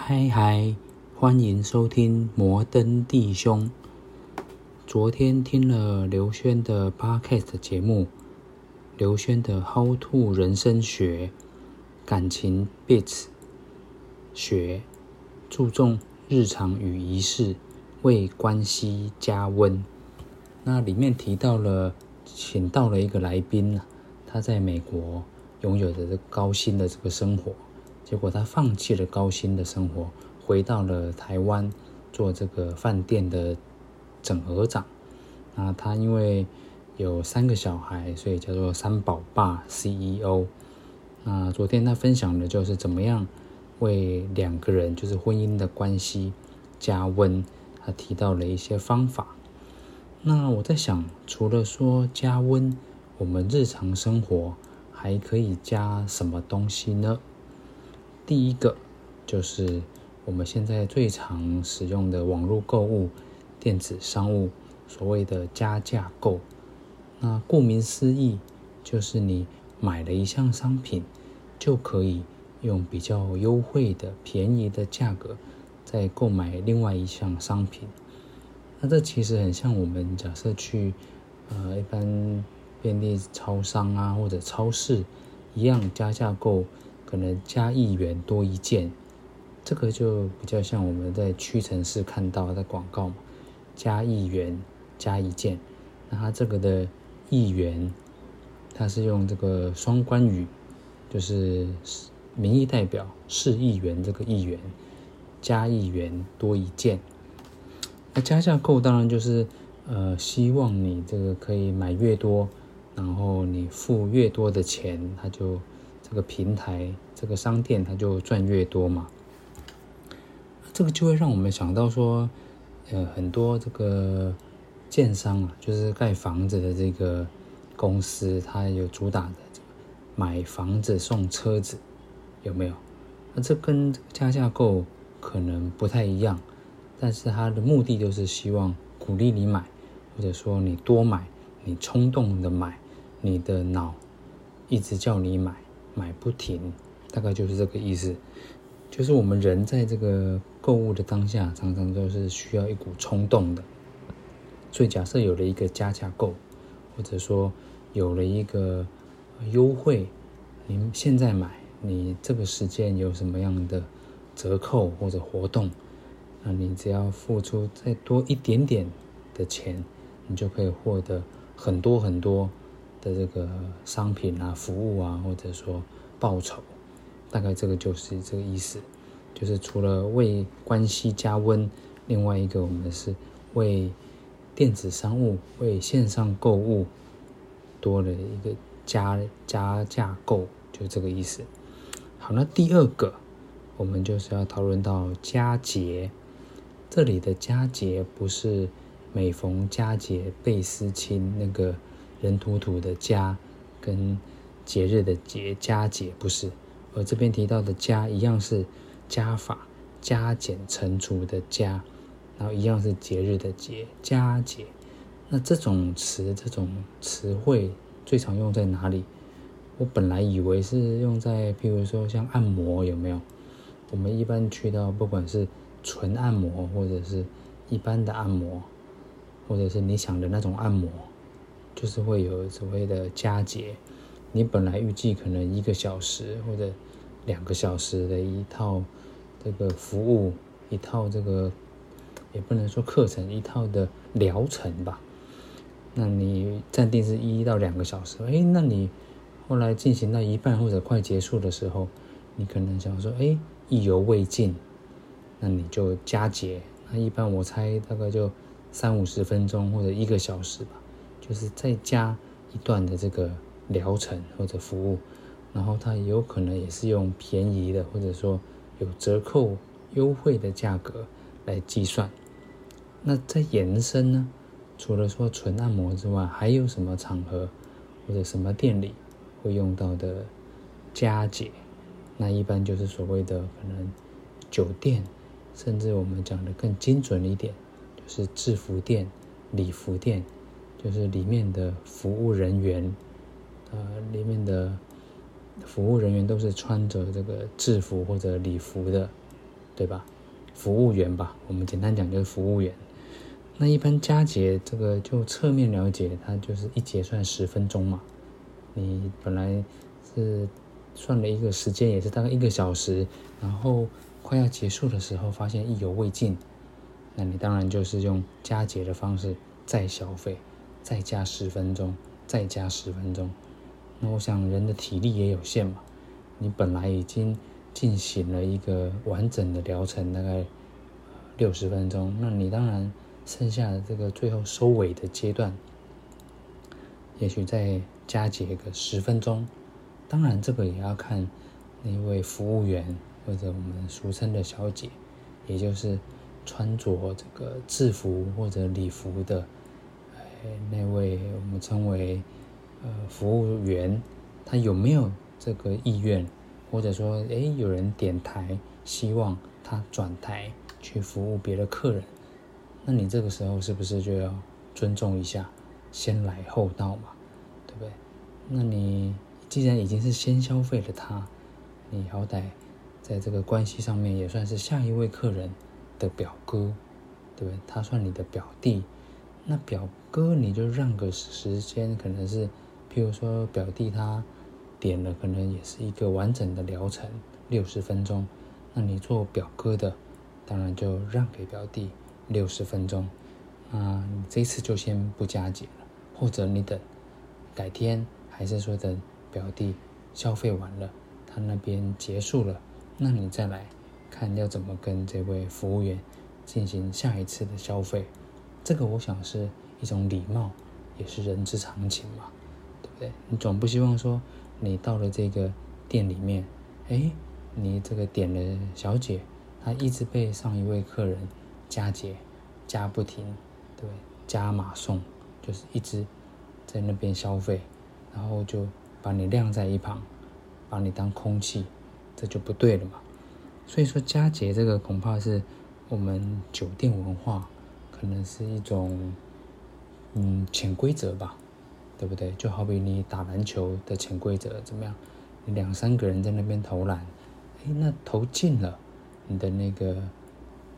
嗨嗨，hi hi, 歡迎收聽摩登弟兄。昨天聽了劉軒的 Podcast 節目，劉軒的 How to 人生學，感情 bits 學，注重日常與儀式，為關係加溫。那裡面提到了，請到了一個來賓，他在美國擁有着高薪的這個生活。結果他放棄了高薪的生活，回到了台灣做這個飯店的整合長。那他因為有三個小孩，所以叫做三寶爸 CEO。那昨天他分享的就是怎麼樣為兩個人就是婚姻的關係加溫，他提到了一些方法。那我在想，除了說加溫，我們日常生活還可以加什麼東西呢？第一個就是我們現在最常使用的網絡購物、電子商務，所謂的加價購。那顧名思義，就是你買了一項商品，就可以用比較優惠的、便宜的價格再購買另外一項商品。那這其實很像我們假設去呃一般便利超商啊或者超市一樣加價購。可能加一元，多一件，這個就比較像我們在屈臣氏看到的廣告嘛，加一元加一件。那它這個的“一元”，它是用這個雙關語，就是民意代表市議員這個“議員”，加一元多一件。那加價購當然就是，呃，希望你這個可以買越多，然後你付越多的錢，它就。這個平台，這個商店，它就賺越多嘛。這個就會讓我們想到說，呃，很多這個建商啊，就是蓋房子的這個公司，它有主打的、這個、買房子送車子，有沒有？那、啊、這跟加價購可能不太一樣，但是它的目的就是希望鼓勵你買，或者說你多買，你衝動的買，你的腦一直叫你買。買不停，大概就是這個意思。就是我們人在這個購物的當下，常常都是需要一股衝動的。所以，假設有了一個加價購，或者說有了一個優惠，您現在買，你這個時間有什麼樣的折扣或者活動，那你只要付出再多一點點的錢，你就可以獲得很多很多的這個商品啊、服務啊，或者說報酬，大概這個就是這個意思，就是除了為關係加溫，另外一個我們是為電子商務、為線上購物多了一個加加價購，就這個意思。好，那第二個我們就是要討論到佳節，這裡的佳節不是每逢佳節倍思親那個。人土土的加，跟節日的節，加節不是，而這邊提到的加一樣是加法、加減乘除的加，然後一樣是節日的節，加節。那這種詞、這種詞彙最常用在哪裡？我本來以為是用在，譬如說像按摩有沒有？我們一般去到，不管是純按摩或者是一般的按摩，或者是你想的那種按摩，就是會有所謂的加節，你本來預計可能一個小時或者兩個小時的一套這個服務，一套這個也不能說課程，一套的療程吧。那你暫定是一到兩個小時，哎，那你後來進行到一半或者快結束的時候，你可能想說，哎，意猶未盡，那你就加節。那一般我猜大概就三五十分鐘或者一個小時吧。就是再加一段的這個療程或者服務，然後它有可能也是用便宜的或者說有折扣優惠的價格來計算。那再延伸呢，除了說純按摩之外，還有什麼場合或者什麼店裡會用到的加節？那一般就是所謂的可能酒店，甚至我們講的更精準一點，就是制服店、禮服店。就是裡面的服務人員，呃，裡面的服務人員都是穿着這個制服或者禮服的，對吧？服務員吧，我們簡單講就是服務員。那一般加節這個就側面了解，它就是一節算十分鐘嘛。你本來是算了一個時間，也是大概一個小時，然後快要結束的時候，發現意猶未盡，那你當然就是用加節的方式再消費。再加十分鐘，再加十分鐘，那我想人的體力也有限嘛。你本來已經進行了一個完整的療程，大概六十分鐘，那你當然剩下的這個最後收尾的階段，也許再加幾個十分鐘。當然這個也要看那位服務員或者我們俗稱的小姐，也就是穿着這個制服或者禮服的。那位我們稱為呃服務員，他有沒有這個意願？或者說，哎，有人點台，希望他轉台去服務別的客人？那你這個時候是不是就要尊重一下，先來後到嘛，對不對？那你既然已經是先消費了他，你好歹在這個關係上面也算是下一位客人的表哥，對不對？他算你的表弟。那表哥，你就讓個時間，可能是，譬如說表弟他點了，可能也是一個完整的療程，六十分鐘。那你做表哥的，當然就讓給表弟六十分鐘。啊，你這次就先不加節了，或者你等改天，還是說等表弟消費完了，他那邊結束了，那你再來看要怎麼跟這位服務員進行下一次的消費。這個我想是一種禮貌，也是人之常情嘛，對不對？你總不希望說你到了這個店裡面，哎，你這個點的小姐她一直被上一位客人加節加不停，對不對？加碼送，就是一直在那邊消費，然後就把你晾在一旁，把你當空氣，這就不對了嘛。所以說加節這個恐怕是我們酒店文化。可能是一種，嗯，潛規則吧，對不對？就好比你打籃球的潛規則怎麼樣？你兩三個人在那邊投籃，哎，那投進了，你的那個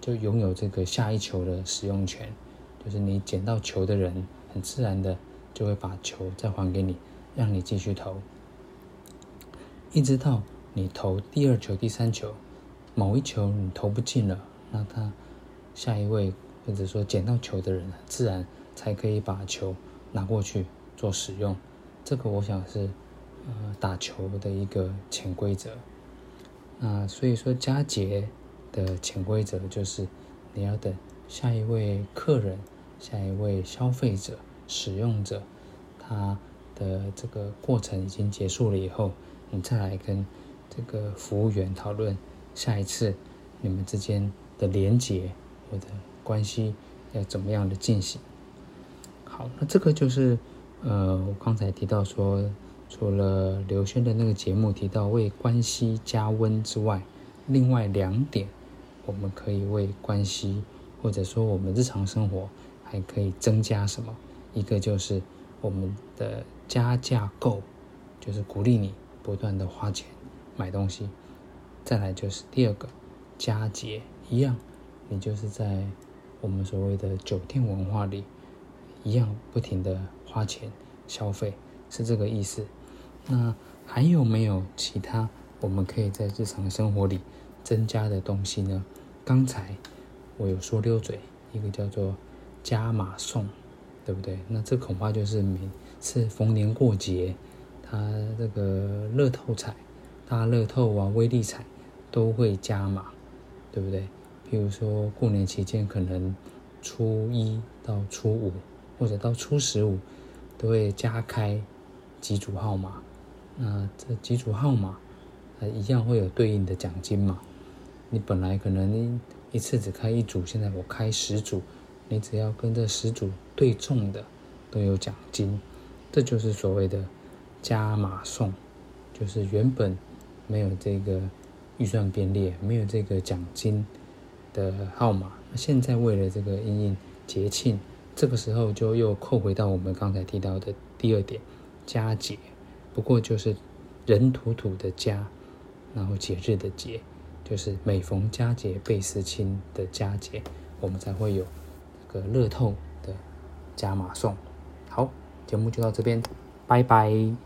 就擁有這個下一球的使用權，就是你撿到球的人，很自然的就會把球再還給你，讓你繼續投，一直到你投第二球、第三球，某一球你投不進了，那他下一位。或者說，撿到球的人自然才可以把球拿過去做使用。這個我想是，呃，打球的一個潛規則。那所以說，加節的潛規則就是，你要等下一位客人、下一位消費者、使用者，他的這個過程已經結束了以後，你再來跟這個服務員討論下一次你們之間的連結或者。關係要怎麼樣的進行？好，那這個就是，呃，我剛才提到說，除了劉軒的那個節目提到為關係加溫之外，另外兩點，我們可以為關係或者說我們日常生活還可以增加什麼？一個就是我們的加價購，就是鼓勵你不斷的花錢買東西；再來就是第二個加節一樣，你就是在。我們所謂的酒店文化裡，一樣不停的花錢消費，是這個意思。那還有沒有其他我們可以在日常生活裡增加的東西呢？剛才我有說溜嘴，一個叫做加碼送，對不對？那這恐怕就是每次逢年過節，他這個樂透彩、大樂透啊、威力彩都會加碼，對不對？比如說過年期間，可能初一到初五，或者到初十五，都會加開幾組號碼。那這幾組號碼，呃，一樣會有對應的獎金嘛？你本來可能一次只開一組，現在我開十組，你只要跟這十組對中的都有獎金。這就是所謂的加碼送，就是原本沒有這個預算編列，沒有這個獎金。的號碼，那現在為了這個因應節慶，這個時候就又扣回到我們剛才提到的第二點，佳節，不過就是人土土的佳，然後節日的節，就是每逢佳節倍思親的佳節，我們才會有這個樂透的加碼送。好，節目就到這邊，拜拜。